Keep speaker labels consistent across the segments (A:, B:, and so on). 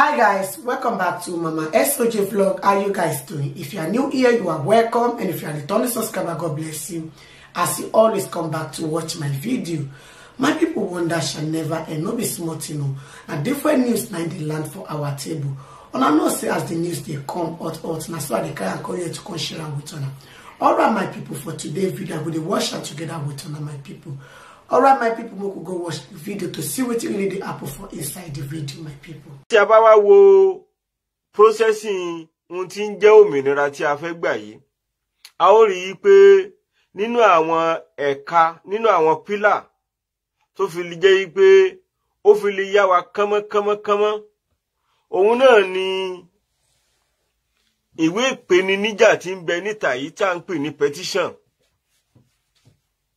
A: hi guys welcome back to mama soj vlog how you guys doing if you are new here you are welcome and if you are returning subscriber god bless you as you always come back to watch my video my people wonder shall never and no be smart, you know and different news now they land for our table and i know say as the news they come out out now so they can call you to come share with honor all right my people for today video i will watch out together with honor my people all right my people we could go watch the video to see what you really dey apple for inside the video my people. tí a wo processing ohun tí ń jẹ́ òmìnira tí a fẹ́ gbà yìí a ó rí i pé nínú àwọn ẹ̀ka nínú àwọn pílà tó fi lè jẹ́ pé ó fi lè yá wa kánmọ́kánmọ́kánmọ́ òun náà ni ìwé ìpèníjà tí ń bẹ níta yìí tá à ń pè ní petition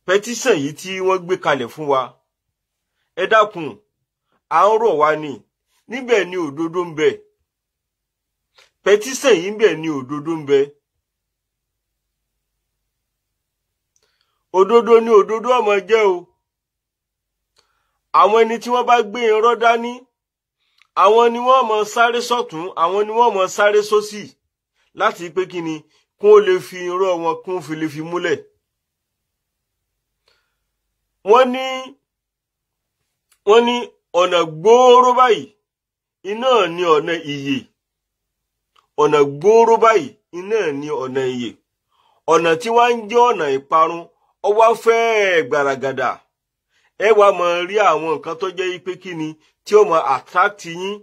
A: pẹtíṣàn yìí tí wọ́n gbé kalẹ̀ fún wa ẹ dákun à ń rọ̀ wá ni níbẹ̀ ni òdodo ń bẹ pẹtíṣàn yìí bẹ ni òdodo ń bẹ òdodo ni òdodo ọmọ jẹ́ o àwọn ẹni tí wọ́n bá gbé irọ́ dání àwọn ni wọ́n mọ sáré sọ́tún àwọn ni wọ́n mọ sáré sósì láti pé kí kún ó lè fi irọ́ wọn kún fi lè fi múlẹ̀. wọ́n ní wọ́n ní ọ̀nà gbòòrò báyìí iná ní ọ̀nà ìyè ọ̀nà gbòòrò báyìí iná ní ọ̀nà ìyè ọ̀nà tí wá ń jẹ́ ọ̀nà ìparun ọwọ́ fẹ́ẹ́ gbaragada ẹ wá mọ̀ rí àwọn nǹkan tó jẹ́ pé kí ni tí ó mọ̀ attract yín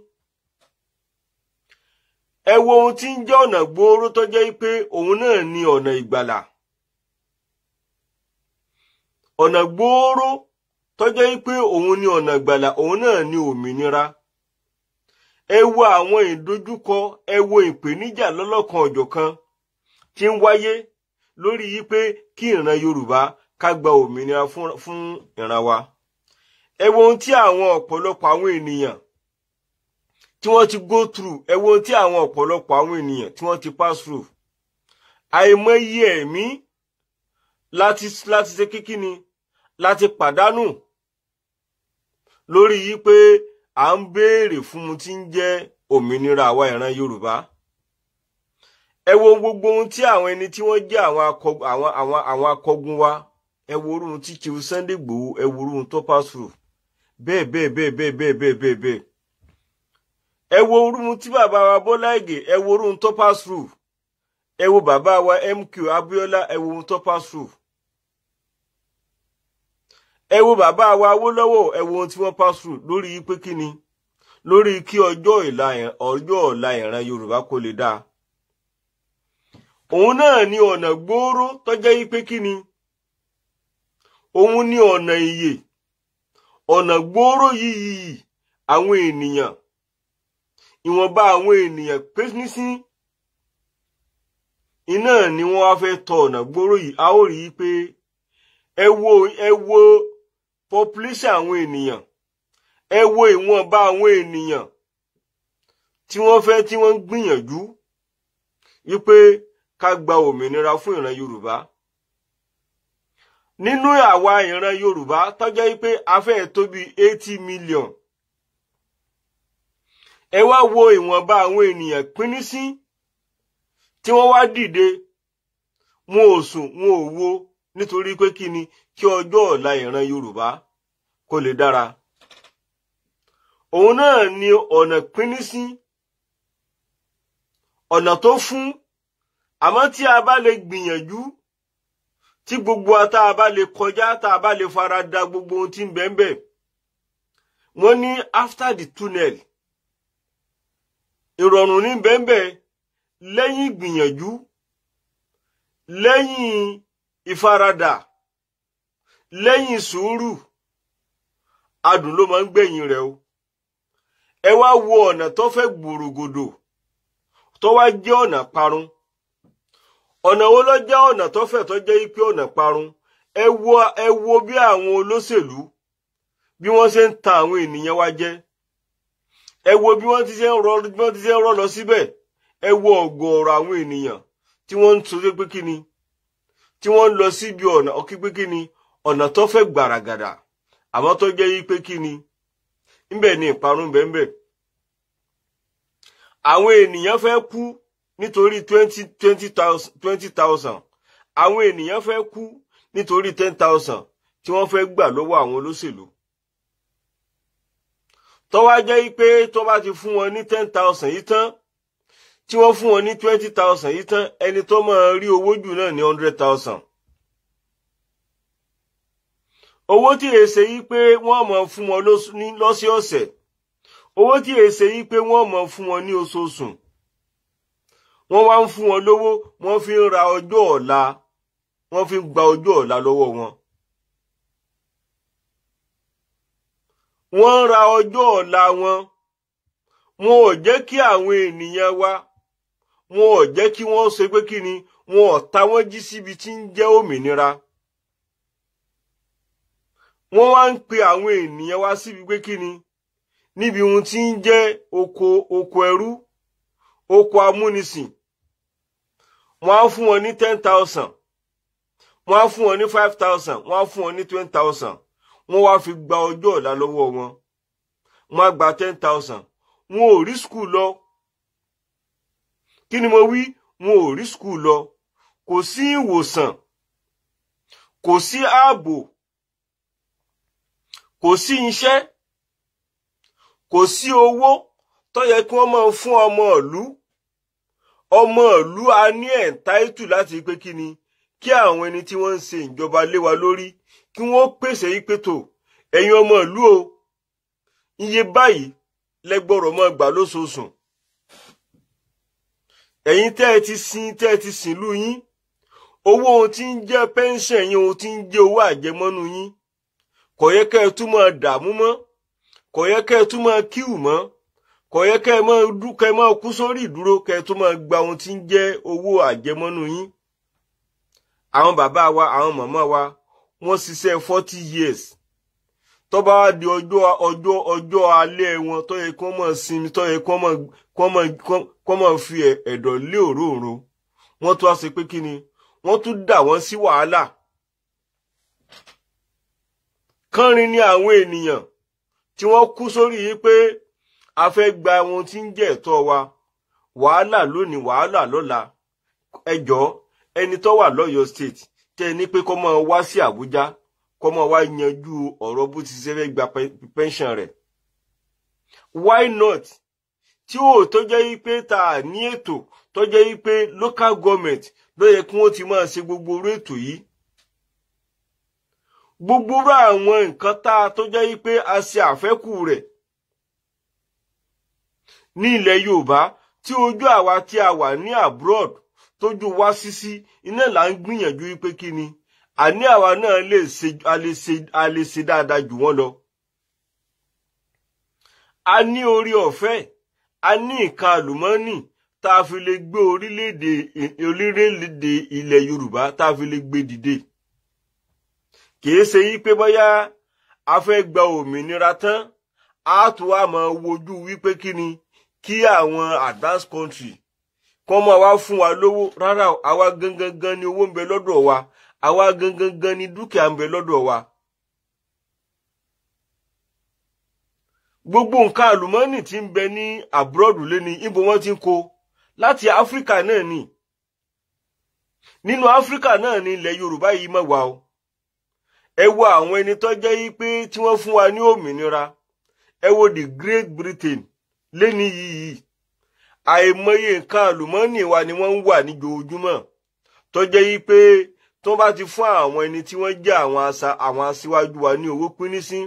A: ẹ wo ohun tí ń jẹ́ ọ̀nà gbòòrò tó jẹ́ pé òun náà ní ọ̀nà ìgbàlà ọ̀nà gbòòrò tó jẹ́ pé òun ni ọ̀nà gbàlà òun náà ni òmìnira ẹ wo àwọn ìdojúkọ ẹ wo ìpèníjà lọ́lọ́kan ọ̀jọ̀kan tí ń wáyé lórí yí pé kí ìran Yorùbá ká gba òmìnira fún ìran wa ẹ wo ohun tí àwọn ọ̀pọ̀lọpọ̀ àwọn ènìyàn tí wọ́n ti go through ẹ wo ohun tí àwọn ọ̀pọ̀lọpọ̀ àwọn ènìyàn tí wọ́n ti pass through àìmọye ẹ̀mí láti láti ṣe kíkíni láti pàdánù lórí yí pé à ń béèrè fún un tí ń jẹ́ òmìnira àwa ìran Yorùbá ẹ wo gbogbo ohun tí àwọn ẹni tí wọ́n jẹ́ àwọn akọgun wa ẹ wo orun tí chiu Sunday Igboho ẹ wo orun tó pàṣẹ bẹ́ẹ̀ bẹ́ẹ̀ bẹ́ẹ̀ bẹ́ẹ̀ bẹ́ẹ̀ bẹ́ẹ̀ bẹ́ẹ̀ bẹ́ẹ̀ ẹ wo orun tí bàbá wa Bọ́lá Ìgè ẹ wo orun tó pàṣẹ ẹ wo bàbá wa MQ Abiola ẹ wo orun tó pàṣẹ ẹ wo bàbá wa Awólọ́wọ̀ ẹ wo ohun tí wọ́n pass through lórí pé kí ni lórí kí ọjọ́ ìlà ọjọ́ ọ̀la ìran Yorùbá kó lè dáa òun náà ni ọ̀nà gbòòrò tọ́jẹ́ yí pé kí ni òun ni ọ̀nà ìyè ọ̀nà gbòòrò yìí àwọn ènìyàn ìwọ̀nba àwọn ènìyàn pé nísìn iná ni wọ́n wá fẹ́ tọ ọ̀nà gbòòrò yìí a ó rí i pé ẹ wo ẹ wo population àwọn ènìyàn ẹ wo ìwọ̀nba àwọn ènìyàn tí wọ́n fẹ́ tí wọ́n ń gbìyànjú wípé ká gba òmìnira fún ìran Yorùbá nínú àwa ìran Yorùbá tó jẹ́ wípé a fẹ́ eighty million ẹ wá wo ìwọ̀nba àwọn ènìyàn pínín sí tí wọ́n wá dìde wọn ò sùn wọn ò wo nítorí pé kí ni kí ọjọ́ ọ̀la ìran Yorùbá kó lè dára òun náà ni ọ̀nà pínísí ọ̀nà tó fún àmọ́ tí a bá lè gbìyànjú tí gbogbo wa tá a bá lè kọjá tá a bá lè fara da gbogbo ohun tí ń bẹ ń wọ́n ní after the tunnel ìrọ̀rùn ní bẹ́ẹ̀ bẹ́ẹ̀ lẹ́yìn gbìyànjú lẹ́yìn ifarada lẹ́yìn sùúrù adùn ló máa ń gbẹ̀yìn rẹ̀ o ẹ wá wo ọ̀nà tó fẹ́ gbòrògòdò tó wá jẹ́ ọ̀nà parun ọ̀nà wo ló jẹ́ ọ̀nà tó fẹ́ tó jẹ́ pé ọ̀nà parun ẹ wo ẹ wo bí àwọn olóṣèlú bí wọ́n ṣe ń ta àwọn ènìyàn wa jẹ ẹ wo bí ti ṣe ń rọ bí wọ́n ti ṣe ń rọ lọ síbẹ̀ ẹ wo ọ̀gọ̀ọ̀rọ̀ àwọn ni tí wọ́n ń lọ síbi ọ̀nà ọkí pé kí ni ọ̀nà tó fẹ́ gbàràgàdà àmọ́ tó jẹ́ yí pé kí ni ńbẹ̀ ni ìparun bẹ́ẹ̀ àwọn ènìyàn fẹ́ kú nítorí twenty twenty thousand twenty thousand àwọn ènìyàn fẹ́ kú nítorí ten thousand tí wọ́n fẹ́ gbà lọ́wọ́ àwọn olóṣèlú tó wá jẹ́ pé tó bá ti fún wọn ní ten thousand yìí tán tí wọ́n fún wọn ní twenty thousand yìí tán ẹni tó máa rí owó jù náà ní hundred thousand. owó tí èsè yìí pé wọ́n máa fún wọn lọ́sọ̀ọ̀sẹ̀ owó tí èsè yìí pé wọ́n máa fún wọn ní oṣooṣù wọ́n wá ń fún wọn lówó wọ́n fi ń ra ọjọ́ ọ̀la wọ́n fi ń gba ọjọ́ ọ̀la lọ́wọ́ wọn. wọ́n ra ọjọ́ ọ̀la wọn wọn ò jẹ́ kí àwọn ènìyàn wa wọn ò jẹ́ kí wọ́n ṣe pé kí ni wọn ò ta wọ́n jí síbi tí ń jẹ́ òmìnira wọ́n wá ń pe àwọn ènìyàn wá síbi pé kí ni níbi ohun tí ń jẹ́ oko oko ẹrú oko amúnisìn wọ́n á fún wọn ní ten thousand wọ́n á fún wọn ní five thousand wọ́n á fún wọn ní twenty thousand wọ́n wá fi gba ọjọ́ ọ̀la lọ́wọ́ wọn wọ́n á gba ten thousand wọn ò rí skul lọ kí ni mo wí wọn ò rí skul lọ kò sí ìwòsàn kò sí ààbò kò sí iṣẹ́ kò sí owó tó yẹ kí wọ́n máa fún ọmọ ìlú ọmọ ìlú a ní ẹ̀ńtáìtù láti pé kí ni kí àwọn ẹni tí wọ́n ń ṣe ìjọba lé wa lórí kí wọ́n pèsè wípé tó ẹ̀yin ọmọ ìlú o iye báyìí lẹ́gbọ́rọ̀ mọ́ gbà lóṣooṣù ẹ̀yin tẹ́ ẹ ti sin tẹ́ ẹ ti sìn lú yín owó ohun tí ń jẹ́ pẹ́ńṣẹ̀ yín ohun tí ń jẹ́ owó àjẹmọ́nú yín kò yẹ kẹ́ ẹ tún máa dààmú mọ́ kò yẹ kẹ́ ẹ tún máa kíù mọ́ kò yẹ kẹ́ ẹ máa kú sórí ìdúró kẹ́ ẹ tún máa gba ohun tí ń jẹ́ owó àjẹmọ́nú yín àwọn bàbá wa àwọn màmá wa wọ́n ṣiṣẹ́ forty years tó wa wá di ọjọ́ ọjọ́ ọjọ́ alẹ́ wọn tó yẹ kí wọ́n máa sinmi tó kí wọ́n máa kó máa fi ẹ̀dọ̀ lé òróòro wọ́n tún á ṣe pé kí ni wọ́n tún dà wọ́n sí wàhálà kánrin ní àwọn ènìyàn tí wọ́n kú sórí yìí pé a fẹ́ gba ohun tí ń jẹ́ ẹ̀tọ́ wa wàhálà lónìí wàhálà lọ́la ẹjọ́ ẹni tó wà lọ́yọ̀ state tẹ́ ẹ ní pé kó máa wá sí àbújá kó máa wá yanjú ọ̀rọ̀ bó ti ṣe fẹ́ gba pension rẹ̀ why not tí ó tó jẹ́ wípé ta ní ètò tó jẹ́ wípé local government ló yẹ kí wọ́n ti máa ṣe gbogbo orú ètò yìí gbogbo orú àwọn nǹkan tá a tó jẹ́ wípé a ṣe àfẹ́kù rẹ̀ ní ilẹ̀ Yorùbá tí ojú àwa tí a wà ní abroad tójú wá sísí iná là ń gbìyànjú wípé kí ni àní àwa náà a lè ṣe dáadáa jù wọ́n lọ a ní orí ọ̀fẹ́ a ní nǹkan àlùmọ́ọ́nì tá a fi lè gbé orílẹ̀-èdè orílẹ̀-èdè ilẹ̀ Yorùbá tá a fi lè gbé dìde kìí ṣe yí pé bóyá a fẹ́ gba òmìnira tán a tún wá máa wojú wípé kí ni kí àwọn advanced country kọ́ mọ́ wá fún wa lówó rárá àwa gangan gan ni owó ń bẹ lọ́dọ̀ wa àwa gangan gan ni dúkìá ń bẹ lọ́dọ̀ wa gbogbo nǹkan àlùmọ́nì tí ń bẹ ní àbúrọ̀dù lẹ́ni ibo wọ́n ti ń kó láti áfíríkà náà ni nínú áfíríkà náà ni ilẹ̀ yorùbá yìí mọ̀ wá o ẹ wo àwọn ẹni tó jẹ́ yí pé tí wọ́n fún wa ní òmìnira ẹ wo the Great Britain lẹ́ni yìí àìmọye nǹkan àlùmọ́nì wa ni wọ́n ń wà níjoojúmọ́ tó jẹ́ yí pé tó bá ti fún àwọn ẹni tí wọ́n jẹ́ àwọn aṣíwájú wa ní owó pínísín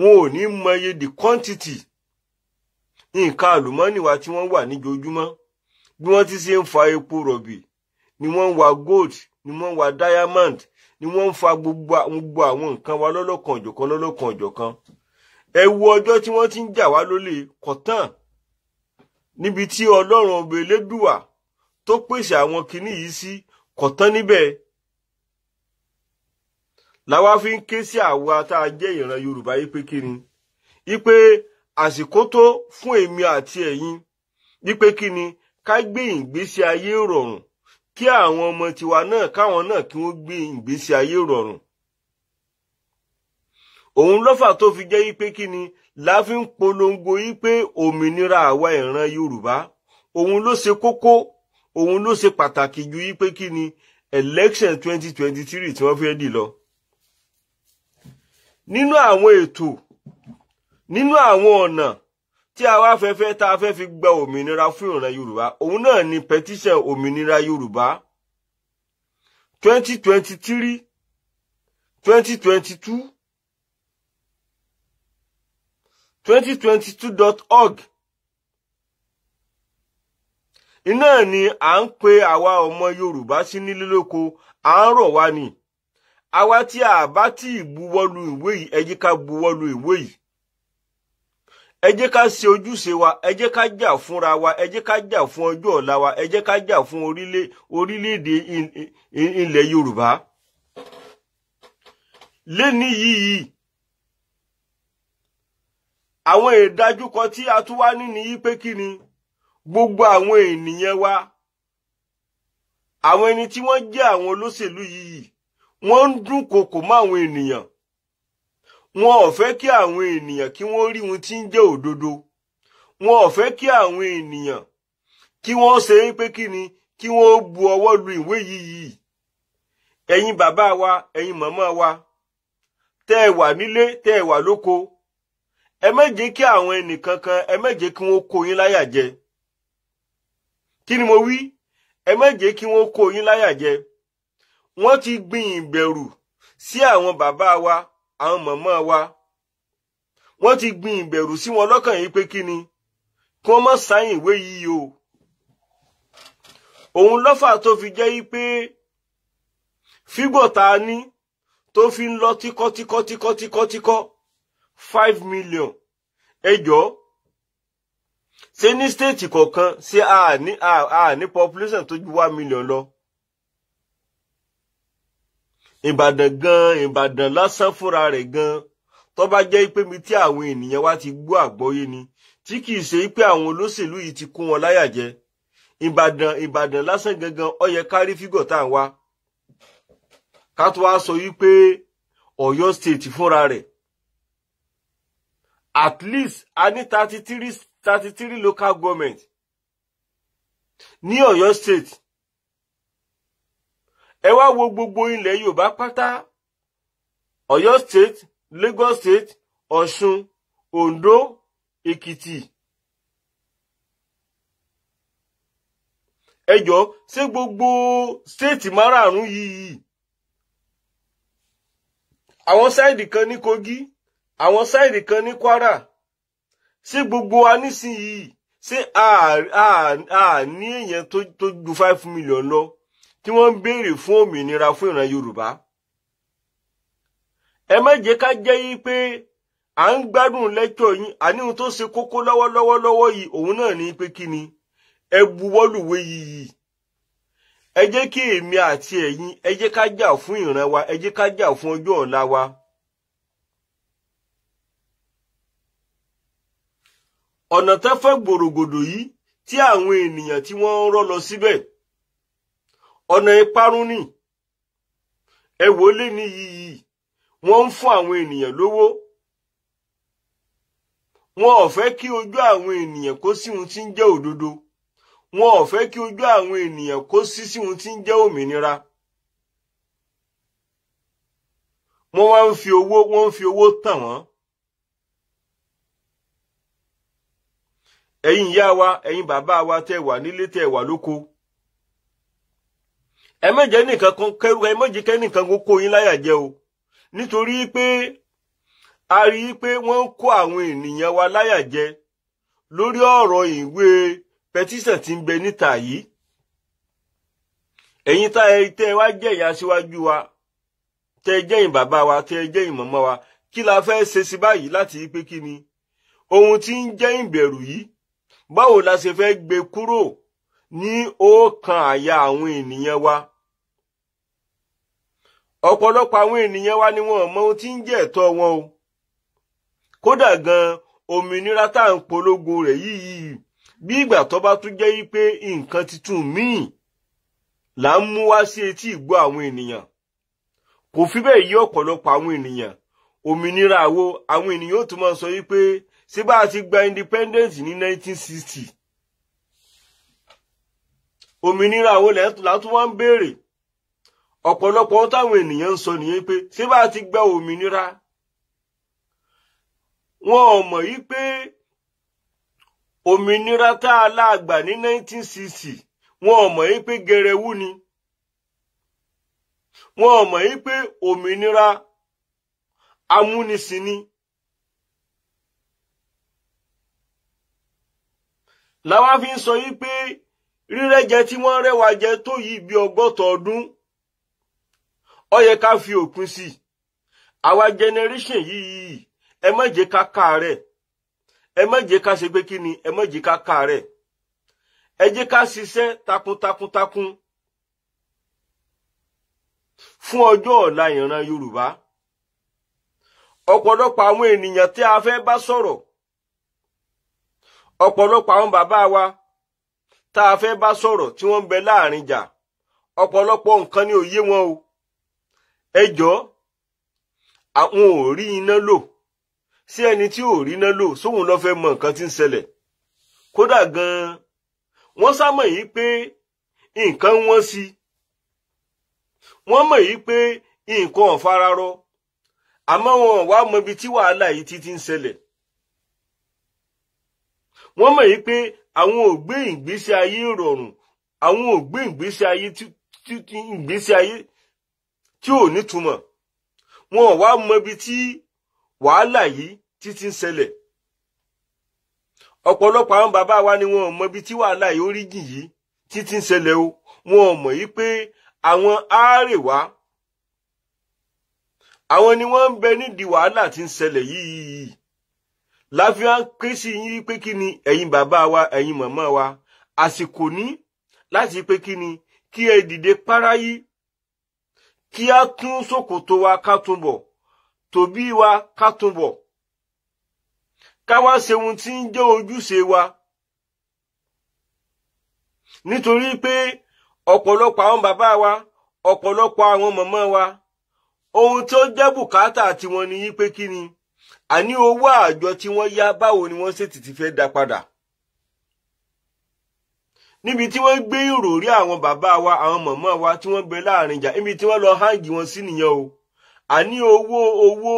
A: wọn ò ní mọye the quantity nǹkan àlùmọ́nì wa tí wọ́n wà níjojúmọ́ bí wọ́n ti ṣe ń fa epo rọ̀bì ni wọ́n ń wa gold ni wọ́n ń wa diamond ni wọ́n ń fa gbogbo àwọn nǹkan wa lọ́lọ́kan òjọ̀kan lọ́lọ́kan òjọ̀kan ẹ wo ọjọ́ tí wọ́n ti ń jà wá lólè kọ̀tàn níbi tí ọlọ́run ọba elédùà tó pèsè àwọn kinní yìí sí kọ̀tán níbẹ̀ làwa fi ń ké sí àwa tá a jẹ́ ìran yorùbá yìí pé kí ni ipe àsìkò tó fún èmi àti ẹ̀yin ipe kí ni ká gbé ìgbésí ayé rọrùn kí àwọn ọmọ tiwa náà káwọn náà kí wọ́n gbé ìgbésí ayé rọrùn òun lọ́fà tó fi jẹ́ wípé kí ni la ń polongo ipe òmìnira àwa ìran yorùbá òun ló ṣe kókó òun ló ṣe pàtàkì ju wípé kí ni election 2023 tí wọ́n fẹ́ dì lọ nínú àwọn ètò nínú àwọn ọ̀nà tí a wá fẹ́fẹ́ tá a fẹ́ fi gba òmìnira fún ìran yorùbá òun náà ni petition òmìnira yorùbá 2023 2022 2022.org iná ni à ń pe àwa ọmọ yorùbá sí nílé lóko à ń rọ̀ wá ni àwa tí a bá tí ì buwọ́lu ìwé yìí ẹ jẹ́ ká buwọ́lu ìwé yìí ẹ jẹ́ ká ṣe ojúṣe wa ẹ jẹ́ ká jà fúnra wa ẹ jẹ́ ká jà fún ọjọ́ ọ̀la wa ẹ jẹ́ ká jà fún orílẹ̀-èdè ilẹ̀ Yorùbá lẹ́ni yìí àwọn ìdájúkọ tí a tún wá ní nìyí pé kí ni gbogbo àwọn ènìyàn wa àwọn ẹni tí wọ́n jẹ́ àwọn olóṣèlú yìí wọ́n ń dúnkokò mọ́ àwọn ènìyàn wọn ò fẹ́ kí àwọn ènìyàn kí wọ́n rí wọn tí ń jẹ́ òdodo wọn ò fẹ́ kí àwọn ènìyàn kí wọ́n ṣe é pé kí ni kí wọ́n bu ọwọ́ lu ìwé yìí ẹ̀yin bàbá wa ẹ̀yin màmá wa tẹ́ ẹ wà nílé tẹ́ ẹ wà lóko ẹ má jẹ́ kí àwọn ẹnìkankan ẹ má jẹ́ kí wọ́n kó yín láyà jẹ kí ni mo wí ẹ má kí wọ́n kó yín láyà jẹ wọ́n ti gbin ìbẹ̀rù sí àwọn bàbá wa àwọn màmá wa wọ́n ti gbin ìbẹ̀rù sí wọn lọ́kàn yìí pé kíni kí wọ́n má sáyìn ìwé yìí o òun lọ́fà tó fi jẹ́ yìí pé fígọ̀ tá a ní tó fi ń lọ tíkọ́tíkọ́tíkọ́tíkọ́ five million ẹjọ́ ṣé ní stéètì kọ̀ọ̀kan ṣé a ní population tó ju one million lọ ìbàdàn gan ìbàdàn lásán fúnra rẹ̀ gan tó bá jẹ́ pé mi tí àwọn ènìyàn wá ti gbọ́ àgbọ́yé ni tí kìí ṣe pé àwọn olóṣèlú yìí ti kún wọn láyà ìbàdàn ìbàdàn lásán gangan ó yẹ ká tá à ń wá ká tó wá sọ wípé Ọ̀yọ́ state fúnra rẹ̀ at least a ní thirty three thirty three local government ní Ọ̀yọ́ state ẹ wá wo gbogbo ilẹ̀ yorùbá pátá ọ̀yọ́ state lagos state ọ̀ṣun ondo èkìtì ẹ jọ̀ọ́ ṣé gbogbo state márààrún yìí àwọn sáìdì kan ní kogi àwọn sáìdì kan ní kwara ṣé gbogbo wa nísìnyìí ṣé a ní èèyàn tó ju five million lọ. No? tí wọ́n ń béèrè fún òmìnira fún ìran Yorùbá ẹ má jẹ́ ká jẹ́ yí pé à ń gbádùn lẹ́tọ̀ yín àníhun tó ṣe kókó lọ́wọ́lọ́wọ́ lọ́wọ́ yìí òun náà ní pé kí ni ẹ buwọ́lùwé yìí ẹ jẹ́ kí èmi àti ẹ̀yin ẹ jẹ́ ká jà fún ìran wa ẹ jẹ́ ká jà fún ọjọ́ ọ̀la wa. ọ̀nà tẹ́fẹ́ gbòrògbòdò yìí tí àwọn ènìyàn tí wọ́n ń rọ́ lọ síbẹ̀. Si ọ̀nà ìparun ni ẹ wò lé ní yìí wọ́n ń fún àwọn ènìyàn lówó wọn ò fẹ́ kí ojú àwọn ènìyàn kó sí ohun tí ń jẹ́ òdodo wọn ò fẹ́ kí ojú àwọn ènìyàn kó sí sí ohun tí ń jẹ́ òmìnira wọ́n wá ń fi owó wọ́n ń fi owó tàn wọ́n. ẹ̀yin ìyá wa ẹ̀yin bàbá wa tẹ́ wà nílé tẹ́ wà lóko ẹ má jẹ́ nìkan kan kẹrù ẹ má jẹ́ kẹ́nìkan kan kó yín láyà jẹ o nítorí pé a rí i pé wọ́n ń kó àwọn ènìyàn wa láyà jẹ lórí ọ̀rọ̀ ìwé pẹtísàn tí ń bẹ níta yìí ẹ̀yin tá ẹ tẹ́ wá jẹ́ ìyá síwájú wa tẹ́ ẹ jẹ́yìn bàbá wa tẹ́ ẹ jẹ́yìn màmá wa kí la fẹ́ ṣe sí báyìí láti rí pé kí ni ohun tí ń jẹ́ ìbẹ̀rù yìí báwo la ṣe fẹ́ gbé kúrò ní ọkàn àyà àwọn ènìyàn wa ọ̀pọ̀lọpọ̀ àwọn ènìyàn wa ni wọ́n mọ ohun tí ń jẹ́ ẹ̀tọ́ wọn o kódà gan òmìnira tá à ń polongo rẹ̀ yìí bí ìgbà tó bá tún jẹ́ wípé nǹkan tuntun míì là ń mú wá sí etí ìgbọ́ àwọn ènìyàn kò fi bẹ́ẹ̀ yí ọ̀pọ̀lọpọ̀ àwọn ènìyàn òmìnira àwo àwọn ènìyàn ó tún máa sọ wípé ṣé bá a ti gba independence ní 1960 òmìnira àwo làtún wá ń béèrè ọ̀pọ̀lọpọ̀ ohun táwọn ènìyàn ń sọ nìyẹn pé ṣé bá a ti gba òmìnira wọn ò mọ̀ yí pé òmìnira tá a láàgbà ní 1960 wọn ò mọ̀ yí pé gẹrẹwú ni wọn ò mọ̀ yí pé òmìnira amúnisìn ni. làwa fi ń sọ yí pé rírẹ́jẹ tí wọ́n rẹ́wà jẹ tó yí bí ọgọ́ta ọdún ó yẹ ká fi òpin sí i àwa generation yìí ẹ má jẹ́ ká káàárẹ̀ ẹ má jẹ́ ká ṣe pé kí ni ẹ má jẹ́ ká káàárẹ̀ ẹ jẹ́ ká ṣiṣẹ́ takuntakuntakun fún ọjọ́ ọ̀la ìran Yorùbá ọ̀pọ̀lọpọ̀ àwọn ènìyàn tí a fẹ́ bá sọ̀rọ̀ ọ̀pọ̀lọpọ̀ àwọn bàbá wa tá a fẹ́ bá sọ̀rọ̀ tí wọ́n ń bẹ láàrin jà ọ̀pọ̀lọpọ̀ nǹkan ni òye wọn o ẹ jọ̀ọ́ àwọn ò rí iná lò sí ẹni tí ò rí iná lò sóhun ló fẹ́ mọ nǹkan tí ń ṣẹlẹ̀ kódà gan-an wọ́n sámọ̀ yìí pé nǹkan wọ́n sí wọ́n mọ̀ yìí pé nǹkan ọ̀fararọ àmọ́ wọn wá mọ ibi tí wàhálà yìí ti ti ń ṣẹlẹ̀ wọ́n mọ̀ yìí pé àwọn ò ìgbésí ayé ìrọ̀rùn àwọn ò ìgbésí ayé tí ìgbésí ayé tí ò nítumọ̀ wọn ò wá mọ ibi tí wàhálà yìí títí ń ṣẹlẹ̀ ọ̀pọ̀lọpọ̀ àwọn bàbá wa ni wọn ò mọ ibi tí wàhálà yìí orígìn yìí títí ń ṣẹlẹ̀ o wọn ò mọ̀ yìí pé àwọn àárẹ̀wá àwọn ni wọ́n ń bẹ nídìí wàhálà tí ń ṣẹlẹ̀ yìí láfihàn ké sí yín pé kí ni ẹ̀yin bàbá wa ẹ̀yin màmá wa àsìkò ní láti pé kí ni kí ẹ dìde páráyí kí a tún ṣòkòtò wa ká tún bọ̀ tòbí wa ká tún bọ̀ ká wá ṣe ohun tí ń jẹ́ ojúṣe wa nítorí pé ọ̀pọ̀lọpọ̀ àwọn bàbá wa ọ̀pọ̀lọpọ̀ àwọn màmá wa ohun tí ó jẹ́ bùkátà tiwọn ni yí pé kí ni àní owó àjọ tí wọ́n yá báwo ni wọ́n ṣètìtì fẹ́ dá padà níbi tí wọ́n gbé ìròrí àwọn bàbá wa àwọn màmá wa tí wọ́n gbé láàrin ìjà níbi tí wọ́n lọ hangi wọn sí nìyẹn o àní owó owó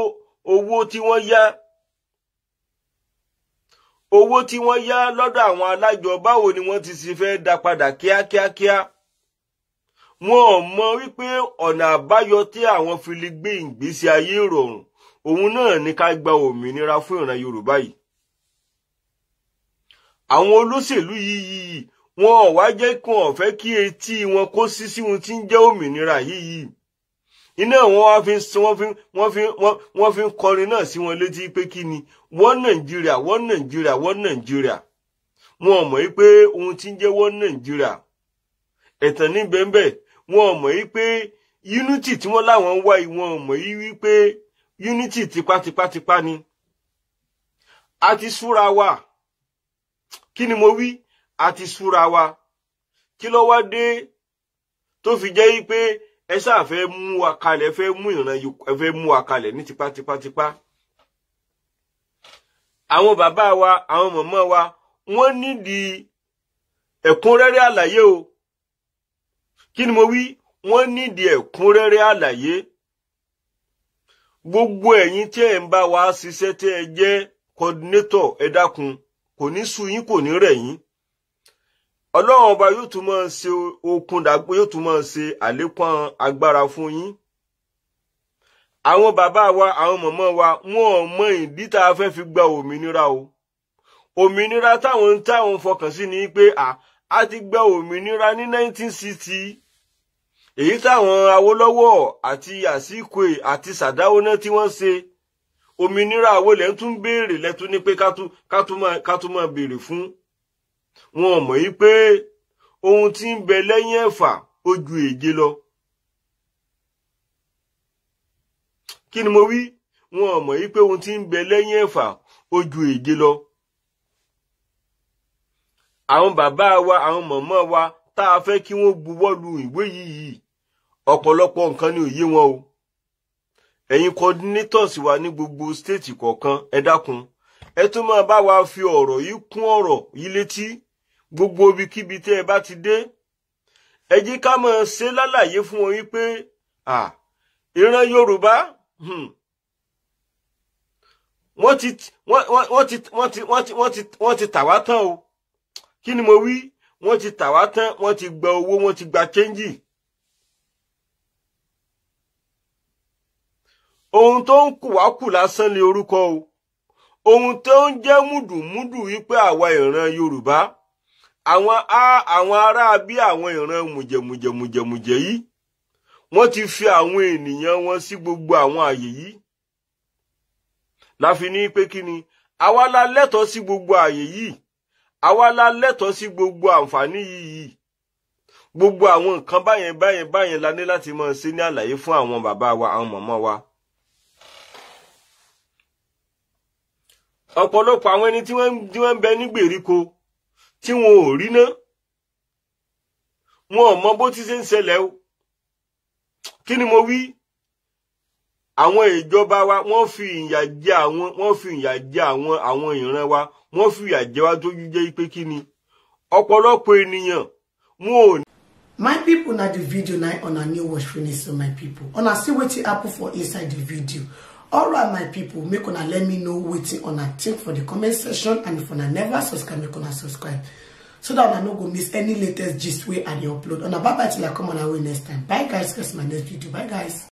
A: owó tí wọ́n yá owó tí wọ́n yá lọ́dọ̀ àwọn alájọ báwo ni wọ́n ti sì fẹ́ dá padà kíákíákíá wọn ò mọ wípé ọ̀nà àbáyọ tí àwọn fi lè gbé ìgbésí ayé ìrọ̀rùn òun náà ni ká gba òmìnira fún ìran Yorùbá yìí àwọn olóṣèlú yìí yìí wọn ò wá jẹ́ kí wọn fẹ́ kí etí wọn kó sí sí ohun tí ń jẹ́ òmìnira yìí iná wọn wá fi wọn fi wọn fi wọn fi ń kọrin náà sí wọn létí pé kí ni wọn nàìjíríà wọn nàìjíríà wọn nàìjíríà wọn ò mọ̀ yí pé ohun tí ń jẹ́ wọn nàìjíríà ẹ̀tàn ní bẹ́ẹ̀ wọn ò mọ̀ yí pé unity tí wọ́n láwọn ń wá wọn ò mọ̀ yí wípé unity tipátipátipá ni a ti súra wa kí ni mo wí a ti súra wa kí ló wá dé tó fi jẹ́ wípé ẹ sáà fẹ́ mú wa kalẹ̀ fẹ́ mú ìran ẹ fẹ́ mú wa kalẹ̀ ní tipátipátipá àwọn bàbá wa àwọn mọ̀mọ́ wa wọ́n nídìí ẹ̀kúnrẹ́rẹ́ àlàyé o kí ni mo wí wọ́n nídìí ẹ̀kúnrẹ́rẹ́ àlàyé gbogbo ẹ̀yin tí ẹ̀ ń bá wa ṣiṣẹ́ tí ẹ jẹ́ kọ́dínétọ̀ ẹ kò ní sú yín kò ní rẹ̀ yín ọlọ́run ọba yóò tún máa ṣe okun dàgbò yóò tún máa ṣe àlékún agbára fún yín àwọn bàbá wa àwọn mọ̀mọ́ wa wọn ò mọ ìdí tá a fẹ́ fi gba òmìnira o òmìnira táwọn ń táwọn fọkàn sí ni pé a ti gba òmìnira ní 1960 èyí táwọn Awólọ́wọ̀ àti Azikiwe àti Sàdáwó náà tí wọ́n ṣe òmìnira àwọlẹ̀ ń tún béèrè lẹ́tún ní pé ká tún máa béèrè fún wọn mọ̀ yí pé ohun tí ń bẹ lẹ́yìn ẹ̀fà ó ju èje lọ. kí ni mo wí wọn mọ̀ yí pé ohun tí ń bẹ lẹ́yìn ẹ̀fà ó èje lọ. àwọn bàbá wa àwọn mọ̀mọ́ wa tá a fẹ́ kí wọ́n buwọ́ lu ìwé yìí ọ̀pọ̀lọpọ̀ nǹkan ni òye wọn o ẹ̀yin coordinators wa ní gbogbo stéètì kọ̀ọ̀kan ẹ dákun ẹ tún máa bá wa fi ọ̀rọ̀ yìí kún ọ̀rọ̀ yìí létí gbogbo ibikíbi tẹ́ ẹ bá ti dé ẹ jẹ́ ká máa ṣe lálàyé fún wọn wípé ìran yorùbá hmm, wọ́n ti wọ́n ti wọ́n ti wọ́n ti wọ́n ti wọ́n ti tà wá tán o kí ni mo wí wọ́n ti tà wá tán wọ́n ti gba owó wọ́n ti gba chẹ́ńjì. ohun tó ń kù wá kù lásán ni orúkọ o ohun tó ń jẹ́ múdùmúdù wípé àwa ìran yorùbá àwọn a àwọn ará bí àwọn ìran mùjẹ̀mùjẹ̀mùjẹ̀mùjẹ̀ yìí wọ́n ti fi àwọn ènìyàn wọn sí gbogbo àwọn àyè yìí láfi ní pé kí ni àwa la lẹ́tọ̀ọ́ sí gbogbo àyè yìí àwa la lẹ́tọ̀ọ́ sí gbogbo àǹfààní yìí gbogbo àwọn nǹkan báyẹn báyẹn báyẹn la ní láti máa ṣe ní àlàyé fún àwọn bàbá wa àwọn mọ̀mọ́ wa. ọ̀pọ̀lọpọ̀ àwọn ẹni tí wọ́n ń bẹ ní gbèríko tí wọn ò rí ná wọn ò mọ bó ti ṣe ń ṣẹlẹ̀ o kí ni mo wí àwọn ìjọba wa wọ́n fi ìyà jẹ àwọn wọ́n fi ìyà jẹ àwọn àwọn ìran wa wọ́n fi ìyà jẹ wa tó jẹ́ pé kí ni ọ̀pọ̀lọpọ̀ ènìyàn wọn ò. my people na the video na una new watch finish so my people una see wetin happen for inside the video all right my people make una let me know wetin una think for the comment section and if una never subscribe make una subscribe so dat una no go miss any latest gist wey i dey upload una bye bye till i come on our way next time bye guys that's my next video bye guys